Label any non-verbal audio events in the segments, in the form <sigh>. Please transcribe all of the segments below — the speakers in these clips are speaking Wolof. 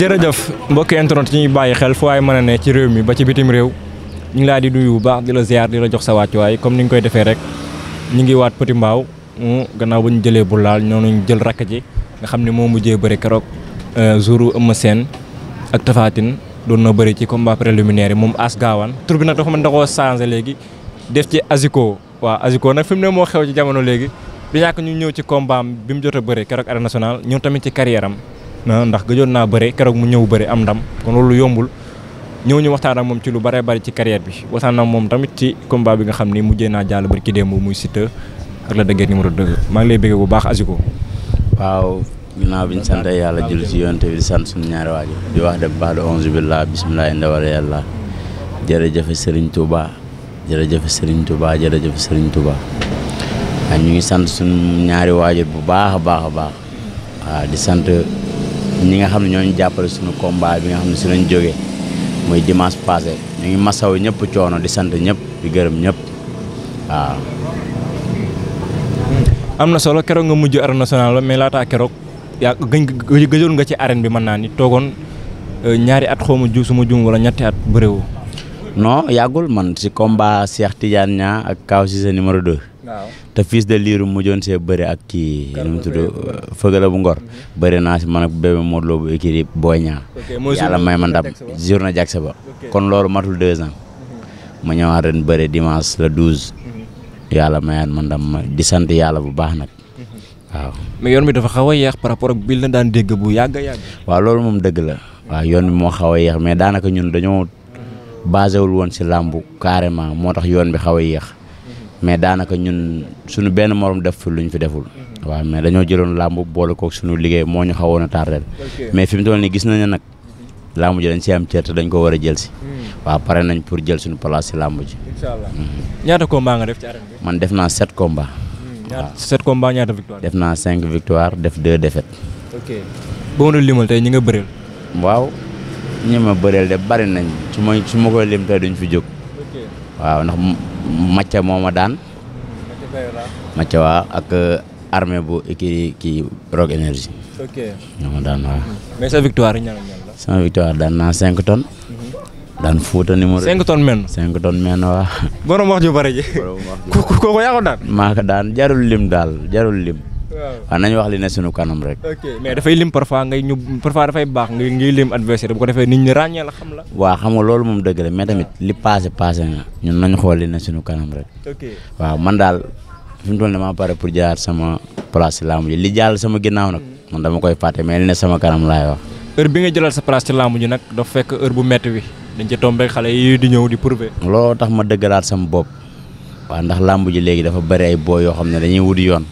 jërëjëf mbokki internet yi ñuy bàyyi xel fu waay mën a ne ci réew mi ba ci bitim réew ñu ngi laa di nuyu bu baax di la ziar di la jox sa wàccuwaay comme ni ñu koy defee rek ñu ngi waat Petit mbaaw hmm, gannaaw ba ñu jëlee bu laal noonu ñu jël rakk ji nga xam ni moo mujjee bari keroog euh, jouru Eumeu Sène ak Tapha doon na bari ci combat préliminaire yi moom as gaawaan tur bi nag dafa mën da koo léegi def ci Azico waaw Azuko nag fi mu ne moo xew ci jamono léegi du ñàkk ñu ñëw ci combat bi mu jot a bëre keroog arène nationale ñëw tamit ci carrière am ndax gëjoon naa bëre keroog mu ñëw bëre am ndam kon loolu yombul ñëw ñu waxtaan ak moom ci lu bare bari ci carrière bi waxtaan ak moom tamit ci combat bi nga xam ni mujjee naa jàll bari ki démb muy Siteu ak Lac de Guiers numéro 2 maa ngi lay bëgg bu baax Azuko. waaw naa bi ñu sant yàlla jël si yoonte bi di sant suñu ñaari waajur di wax de baax de onze billah bisimilah indawal yàlla jërëjëf Serigne Touba jërëjëf Serigne Touba jërëjëf Serigne Touba waaw ñu ngi sant suñu ñaari waajur bu baax a baax a baax waaw di sant ñi nga xam ne ñooñu jàppale suñu combat bi nga xam ne si lañ jógee muy dimanche passé ñu ngi masaw ñëpp coono di sant ñëpp di gërëm ñëpp waaw. am na solo keroog nga mujj arène nationale la mais laataa keroog yaa gëj gëjoon nga ci arène bi mën naa ni toogoon euh, ñaari at xaw ma ju suma jum wala ñetti at bëréwoo non yagul man ci combat Cheikh Tidiane nya ak Kaw Cissé numéro 2. te fils de lire mu jone see beure ak ki ñu tuddu feugale bu Ngor. beure na ci man ak bébé modlo bu écrit boyña yalla may man dab journée jaxé ba. kon lolu matul 2 ans. ma mhm. ñëwaat ren beure dimanche le 12 mhm. yalla mayaat man dam di sante yalla bu baax nak waaw mhm. mais yoon mi dafa xawa yeex ya, par rapport ak bil na daan dégg bu yag yag wa lolu mom moom la. wa yoon mi mo xawa yeex ya. mais daanaka ñun dañoo. basé wul woon si làmbu carrément moo tax yoon bi xaw a yéex mais daanaka ñun suñu benn morom def fi luñ fi deful. waaw mais dañoo jëloon làmb boole kook suñu liggéey moo ñu xawoon a le mais fi mu toll nii gis nañ ne nag làmb ji si am cër te dañ ko war a jël si. Hmm. waaw pare nañ pour jël suñu place si làmb ji. incha allah hmm. ñaata combat nga def ci arène bi. man def naa sept combat. Hmm, ñaata sept def naa cinq victoire def deux défaites. ok boo ma doon limal tey nga bëreel. waaw. ñi ma bëreel de bari nañ ci moy ci mako lim tay duñ fi jog waaw nak macca moma daan macca wa ak euh, armée bu kii ki rogue énergie ok ñoo ma daan waaw mais sa victoire ñala ñala sa sama victoire daan na 5 tonnes mhm. dan futa numéro 5 tonnes men 5 tonnes men wa borom wax ju bari ji ko ko ko yaako ko daan ma daan jarul lim dal jarul lim waaw nañu wax li ne sunu kanam rek. ok mais dafay lim parfois ngay ñu parfois dafay baax ngay ngay lim adversaire bu ko defee nit ñi ràññee la xam la. waaw xam nga loolu moom dëgg la mais tamit li passé passé na ñun xool li ne kanam rek. ok waaw man daal fi mu toll maa pare pour jaar sama place ci làmb li sama ginnaaw nag man dama koy fàtte mais li ne sama kanam laay wax. heure bi nga jëlal sa place ci làmb ji nag dafa fekk heure bu metti wi dañ ca tombé yi di ñëw di prouver. mau tax ma dëggalaat sama bopp waaw ndax làmb ji léegi dafa bëri ay boo yoo xam ne dañuy wut yoon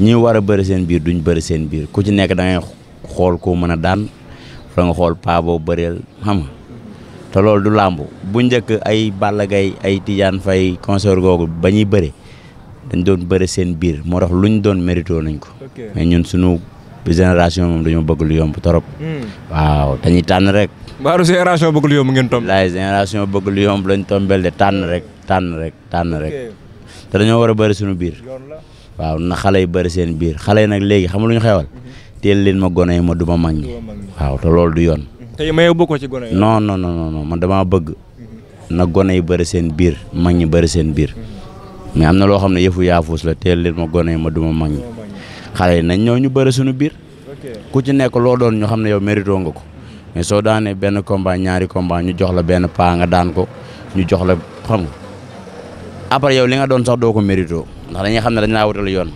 ñi war a bëri seen biir duñ bëri seen biir ku ci nekk da xool koo mën a daan fa nga xool paabo bareel bëreel xam nga te loolu du làmb bu njëkk ay Balla Gaye ay Tidiane Faye concert googu ba ñuy bëri dañ doon bëri seen biir moo tax ñu doon mérito nañ ko mais ñun sunu génération moom dañoo bëgg lu yomb trop hmm. waaw dañuy tànn rek mbaaru génération bëgg lu yomb ngeen lañ tombel de tànn rek tànn rek tànn rek te dañoo war a bëri sunu biir waaw na xale yi bëri seen biir xale yi nag léegi xam lu ñu xewal mhm. teel leen ma gone yi ma du ma mag ñi waaw te loolu du yoon. tey ma yow bokkoo ci gone yi. non non man damaa bëgg mhm. na gone yi bëri seen biir mag ñi bëri seen biir mhm. mais am na loo xam ne yëfu yaafuus la teel leen ma gone ma du ma mag ñi xale yi nañ ñëw ñu bëri suñu biir ku ci nekk loo doon ñu xam ne yow mérito nga ko mais soo daanee benn combat ñaari combat ñu jox la benn paa nga daan ko ñu jox la xam nga après yow li nga doon sax doo ko mérito. ndax dañuy xam ne dañ naa wutal yoon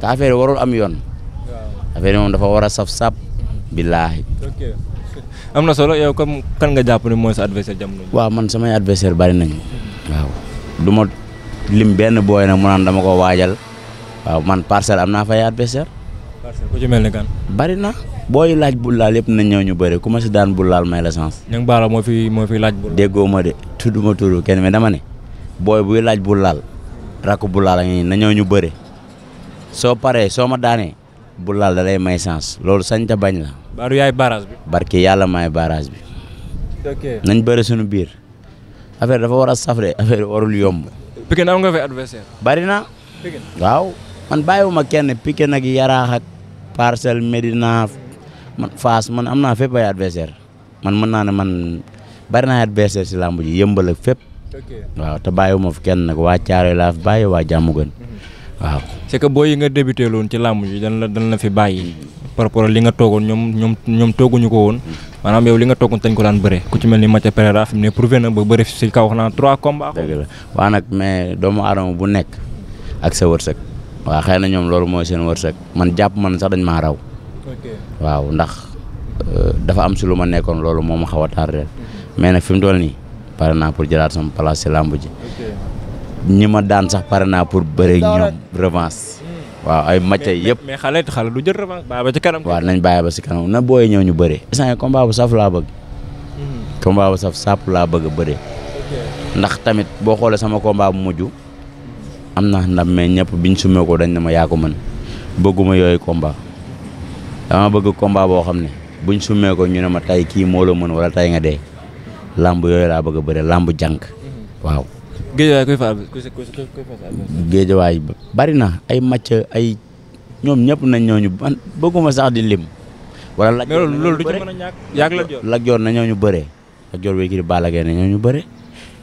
te affaire warul am yoon. affaire yi moom dafa war a saf sap. billaahi. am na solo yow comme kan nga jàpp ne mooy sa adversaire jamono waa man samay adversaire bari nañu. du ma benn booy nag mu dama ko waajal waaw man parcelle am naa fay mel ni kan. bari na booy laaj bu laal yëpp nañ ñëw ñu bëri ku ma si daan bu laal may la chance. ña moo fi moo fi laaj bu. déggoo ma de ma tudd kenn dama ne laaj bu laal rakk bulaal laal a ñu bëre soo paree soo ma daanee bu laal lay may chance loolu sañ ta bañ la. barke yàlla maay barrage bi. ok nañ bëre suñu biir affaire dafa war a saf affaire warul yomb. Pikine am nga fi adversaire. bari na. Pikine waaw man bàyyiwuma kenn Pikine ak Yaraax ak Parcelles Médina man Fass man am naa fépp ay adversaire man mën naa ne man bari naa adversaire si làmb ji yëmbal fépp. waaw te bàyyiwuma fi kenn nag waa Thiaroye laa fi bàyyi waa jàmm gën waaw. c'est que booy yi nga débuté loon ci làmb ji dañ la dañ la fi bàyyi. par rapport li nga toogoon ñoom ñoom ñoom tooguñu ko woon maanaam yow li nga toogoon tañ ko daan bëre ku ci mel ni Mathia Pereira fi mu ne prouvé na ba bëre si kaw wax naa trois combats. dëgg la waaw nag mais doomu aadama bu nekk ak sa wërsëg waa xëy na ñoom loolu mooy seen wërsëg man jàpp man sax dañ maa raw. waaw ndax euh, dafa am si lu ma nekkoon loolu moo ma xaw a mhm. mais nag fi mu toll nii pare naa pour jëlaat sama place ci ji ñi ma daan sax pare naa pour bëre ñoom waaw ay match yëpp mais xale xale du jël revanche waaw nañ bàyyi ba ci kanam na booyee ñëw ñu bëre instant combat bu saf laa bëgg mhm. combat bu saf laa bëgg a bëre ndax tamit boo xoolee sama combat bu am na ndam mais ñëpp biñ ko dañ ne ma yaa ko bëgguma yooyu combat dama bëgg combat boo xam ne buñ sumee ko ñu ne ma tey kii moolo la mën wala tey nga dee làmb yooyu laa ba a bëre làmb jànk mhm. waaw. géejawaay koy fa bari na ay match ay ñoom ñëpp nañ ñooñu man bëgguma sax di lim. wala Lat Dior loolu du ci mën a ñàkk yàgg Lat Dior Lat Dior na ñooñu bëree. Lat Dior wéy kii na ñooñu bëree.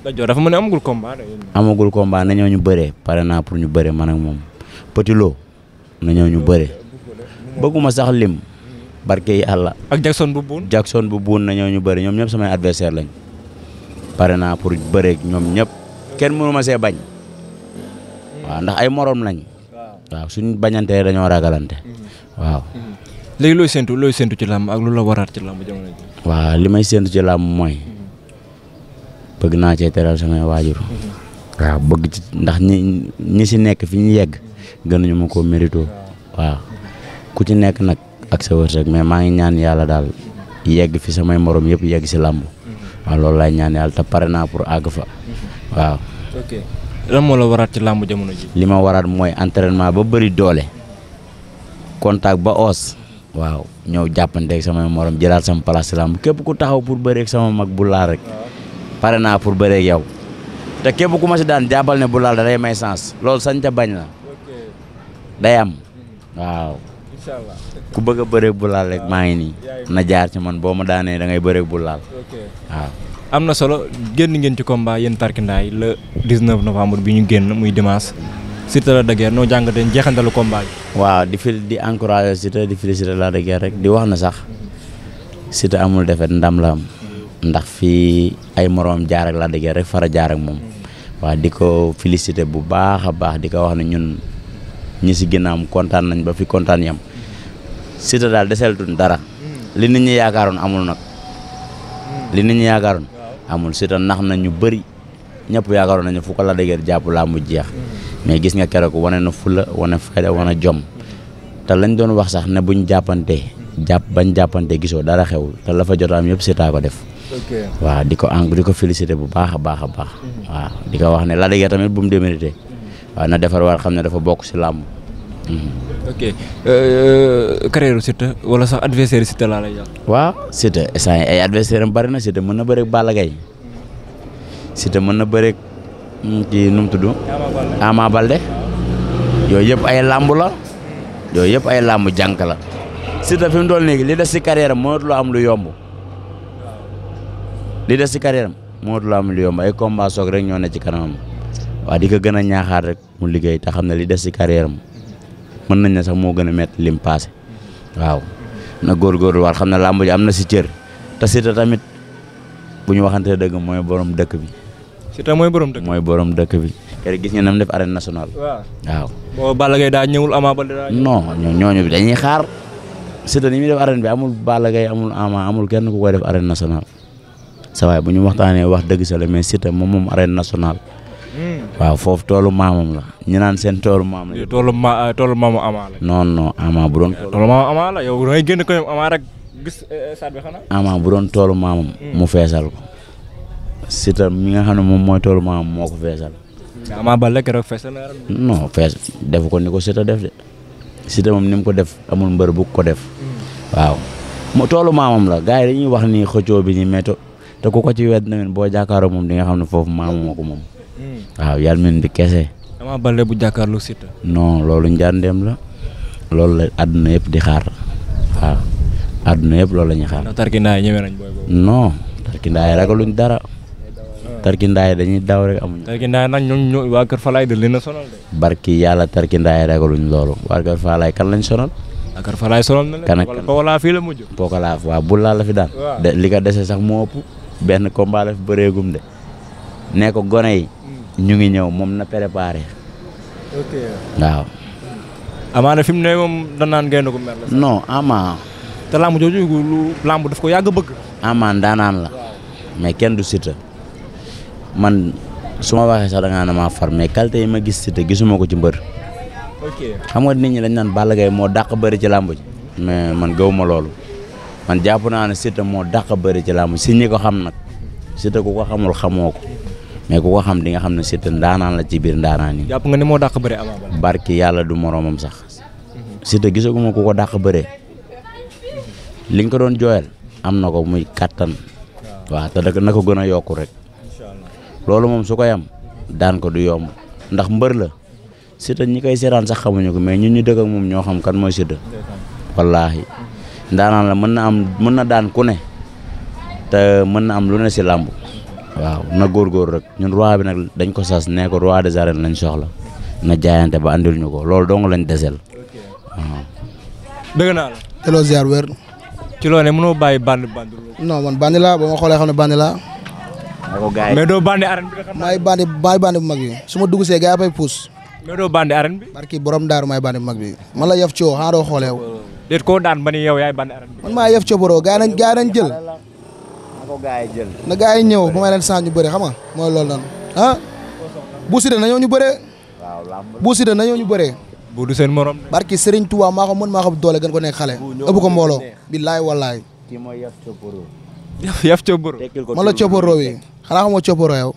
Lat amagul combat amagul combat na ñooñu pare naa pour ñu bëree man ak moom Petit Lo na ñooñu bëgguma sax lim. barke ala ak Jackson bubun. Jackson bubun na ñoo ñu bari ñom ñep sama adversaire lañ pare na pour bëreeg ñoom ñëpp kenn mënu ma sé bañ wa ndax ay morom lañ. wa suñu bañanté dañu ragalanté wa lay loy sentu loy sentu ci lam ak lu la warat ci lam jamono ji. waaw li may ci lam moy bëgg na ci téral sama wajur wa bëgg ci ndax ñi ñi nekk fi ñu yegg gënu ñu mako mérito wa ku ci nekk nak ak sa wërsëg mais ma ngi ñaan yalla dal yegg iya fi samay morom yëpp yegg iya ci lamb wa mhm. lool lay ñaan yalla ta paré na pour ag fa mhm. waaw. ok lan mo la warat ci lamb jëmono ji. lima warat moy entraînement ba bari doole contact ba os. waaw ñëw jàppanteeg samay morom jëlaat sama place lamb képp ku taxaw pour ak sama mag bu la rek paré na pour ak yow te képp ku ma ci daan jabal né bu la da may sens lool sañ ta bañ la day am mhm. waaw ku bëgg a bëre bu laal rek maay ni na jaar ci man boma da ngay bëre bu laal waaw am solo genn ngeen ci combat yéen tarkindaay le 19 novembre bi ñu genn muy dimanche Siteu la de no jang jàngatee combat waaw di fil di encourager Siteu di félicité Lac de rek di wax na sax amul defet ndam la am ndax fi ay morom jaar ak la de rek fara jaar ak mom waaw di ko bu baaxa baax di wax na ñun ñi ci contane nañ ba fi contane yam citadel de desel dara li nit ñi yaakaaroon amul nak. li nit ñi yaakaaroon amul citadel nax nañu Nyapu ñepp ñëpp nañu fu la deger japp la mu jeex mais gis nga keroog woné na fula woné fayda woné jom ta lañ doon wax sax ne buñ jappanté japp bañ jappanté gisoo dara xew ta la fa jotam am cita ko def wa di ko diko di ko féliciter bu baaxa baaxa baax mhm. wa diko wax ne la deger tamit bu mu démérité mhm. wa na défar war xamné dafa ci lamb Hmm. ok carrière eh, sita wala sax adversaire Siteu laa lay ya? Wah, waaw Siteu eh, instant ay eh, adversaire am bari na Siteu mën na bëreeg Balla Gaye Siteu mën na bëreeg hmm, Ama Balde yo yëpp ay làmb la yo yëpp ay làmb jànk la Siteu doon li des si carrière am mënatu loo am lu yomb li des si carrière am mënatu loo am lu yomb ay combat soog rek ñoo ne ci kanamam waa di ko ñaaxaat rek mu liggéey li si carrière mën nañ na sax mo gëna met lim passé waaw na gor war xamna lamb ji amna ci cër ta sita tamit buñu waxante deug moy borom dekk bi. sita moy borom dekk moy borom dekk bi. kër gis ngeen nam def arène nationale. waaw boo Balla Gaye daa Ama Baldé daa non ñoñu bi dañuy xaar sita ni mi def arène bi amul balagay amul Ama amul kenn ku koy def arène nationale. sa way buñu waxtane wax deug sa le mais sita mom mom arène nationale. Mm. waaw foofu toolu maamam la ñu naan seen toolu maam la. toolu ma eh, toolu maamu Ama la. non non Ama bu doon. Eh, toolu maamu Ama la yow da ngay génn ko Ama rek gis eh, stade bi xanaa. Ama bu doon toolu maamam. Mm. mu feesal ko. Siteu mi nga xam ne moom mooy toolu maamam moo ko feesal. Ama Baldé keroog feesal na non fees defu ko ni ko Siteu def de. Siteu moom ni mu ko def amul mbër bu ko def. Mm. waaw mu toolu maamam la gars yi dañuy wax ni xëccoo bi ñu métti te ku ko ci wet na boo jàkkaaroo moom di nga xam ne foofu maamu moo ko moom. waaw yàlla mel bi kese. Ama Baldé bu jàkkaarloo Siteu. non loolu njàndeem la. loolu la àdduna yëpp di xaar waaw àdduna yëpp loolu la ñuy xaar. non tarkindaay ñeme nañ booy boobu. non tarkindaay ragaluñ dara. tarkindaay dañuy daw rek amuñu. tarkindaay nag ñoom ñoo waa Kër Falaay da leen a sonal de. barki yàlla tarkindaay ragaluñ loolu. waa Kër Falaay kan lañ sonal. waa Kër Falaay sonal na fii la mujj. bu laa lafi fi daan. dese sax moo ëpp benn combat la fi de. ne ko gone yi ñu ngi ñëw mom na préparé. ok waaw. amana fim ne ne da nan gaynde ko mer la. non ama te lamb gu lu lamb daf ko yag bëgg. ama nan la. mais kenn du sita man suma waxe waxee sax da nga na ma far mais qualité yi ma gis sita gisuma ko ci mbeur ok xam nga nit ñi dañ nan Balla gay mo dakk bëri ci lamb mais man gawuma loolu man jappu na na sita mo dakk bëri ci lamb ci ñi ko xam nak sita ko ko xamul xamoko mais ku ko xam di nga xam ne Siteu ndaanaan la ci biir ndaanaan yi. jàpp nga ni moo dàq bëre Ama Baldé. barki yàlla du moroomam sax. Mhm. Siteu gisaguma ku ko dàq bëre. li nga ko doon jooyal am na ko muy kattan. waaw te nag na ko gën a yokku rek. loolu moom su ko am daan ko du yomb ndax mbër la Siteu ñi koy seetaan sax xamuñu ko mais ñun ñu dëgg ak moom ñoo xam kan mooy Siteu. wallaahi ndaanaan la mën am mën na daan ku ne te mën am lu ne si làmb. waaw na góorgóor rek ñun roi bi nag dañ ko sas nee ko roi des arènes lañ soxla na jaayante ba andil ñu ko loolu dong lañ desel waaw. dëgg naa la. wér. ci loo ne mënoo bàyyi bandi bandi. non man bandi laa ba ma xoolee xam ne bandi laa. mais doo bandi arène bi xam naa. maay bandi maay bandi bu mag bi su ma dugg see gars yi may puus. doo bandi arène bi. barki borom daar maay bandi bu mag bi. man la yaf coo xanaa doo xoolee. ba ni yow yaay bandi arène bi. man maa yaf coo boroo gars nañ jël. ko na gaa yi ñëw ba may leen saa ñu bëre xam nga mooy loolu noonu ah. Bou Siteu nañoo ñu bëree. waaw làmb Bou nañoo ñu bëree. bu du seen morom de. barki Serigne Touba maa ko mën maa ko doole gën ko nekk xale. ëpp ko mbooloo. billaay wallaay. kii mooy yaf copporo. yaf copporo. man la copporo wi xanaa xamoo copporo yow.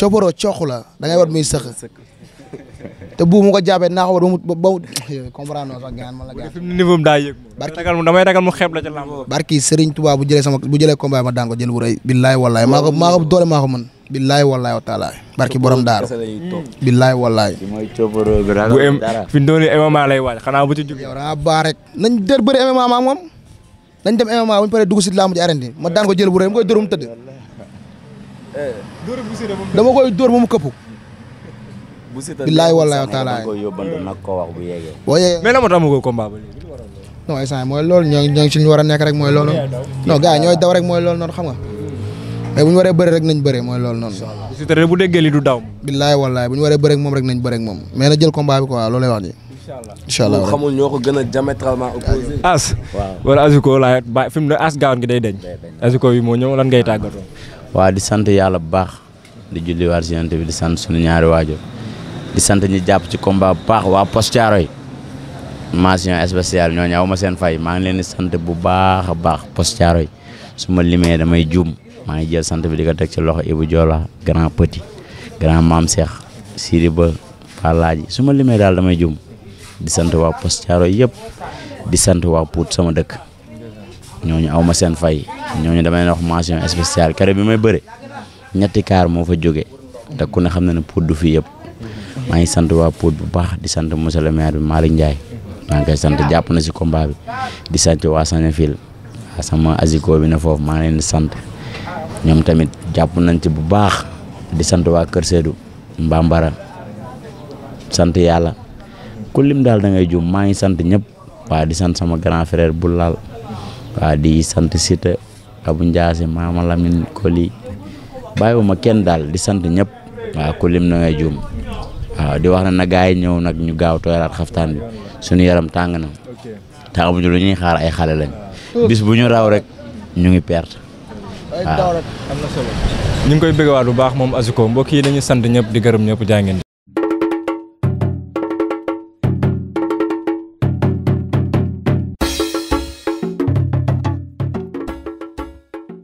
copporo coq la da ngay war muy sëq. te bu mu ko jàppee naa ko war ba ba <laughs> comprendre sax gaan man la gaan fi mu niveau daa yëg damay ragal mu bu jëlee sama bu ma daan ko jël bu rëy billaay wallaay maa ko maa ko doole maa ko mën wa taala barki borom daaru billaay wallaay fi doon MMA lay waaj xanaa bu ci jóg yow daa baax rek nañ dër bëri MMA maa moom nañ dem MMA bu ñu paree dugg si lamb ji ma daan ko jël bu rëy mu koy dóor mu tëdd eh. dama koy dóor mu këpp bu Siteu billaay walaay taalaay boo yeggee mais la ma tax ko combat ba léegi non instant mooy loolu ñoo ñoo ngi si ñu war a nekk rek mooy loolu non gars daw rek mooy loolu noonu xam nga mais bu ñu bëri rek nañ bëri mooy loolu noonu Siteu bu déggee li du daw billaay walaay bu ñu waree bëri ak moom rek nañ bëri moom mais na jël combat bi quoi loolu lay wax ni incha allah xamul ñoo ko gën a diamétralement opposé as wala Azuko laa ba fi mu ne as gaaw gi day deñ Azuko yi moo ñëw lan ngay tàggatoo waaw di sant yàlla bu baax di julli waar si yonent bi di sant suñu ñaari waajur di sant ñi jàpp ci combat bu baax waa Poste Thiaroye mention spéciale ñoo ñaaw ma seen fay maa ngi leen di sant bu baax a baax Poste Thiaroye su ma damay juum maa ngi jël sant bi di ko teg ci loxo Ibou Diola grand petit grand maam Cheikh Sidi Ba Fallaaji su ma limee daal damay juum di sant waa Poste Thiaroye yëpp di sant waa Pout sama dëkk ñooñu aw ma seen fay ñooñu damay wax mention spéciale kere bi may bëre ñetti kaar moo fa jóge te ku ne xam na ne Pout du fi yëpp. may ngi sant waa Pout bu baax di sant monsieur le maire bi Malick Ndiaye maa ngi sant na ci combat bi di sant wa Sagnafil ah, sama aziko bi na fofu ma len leen di sant ñoom tamit japp nañ ci bu baax di sant wa keur Seydou Mbambara sant yalla ku lim da ngay jum ma ngi sant ñep wa di sant sama grand frère bu disantu di sant Sita abou Ndiasse Mama Lamine Koli bàyyiwuma kenn kendal di sant ñep wa ku lim ngay jum waaw di wax na na gaa yi ñëw nag ñu gaaw tooyalaat xaftaan bi suñu yaram tàng na te amuñu ñu ñuy xaar ay xale lañ bis bu ñu raw rek ñu ngi perte waaw. ñu ngi koy bëggewaat bu baax moom Azuko mbokk yi dañuy sant ñëpp di gërëm ñëpp jaa ngeen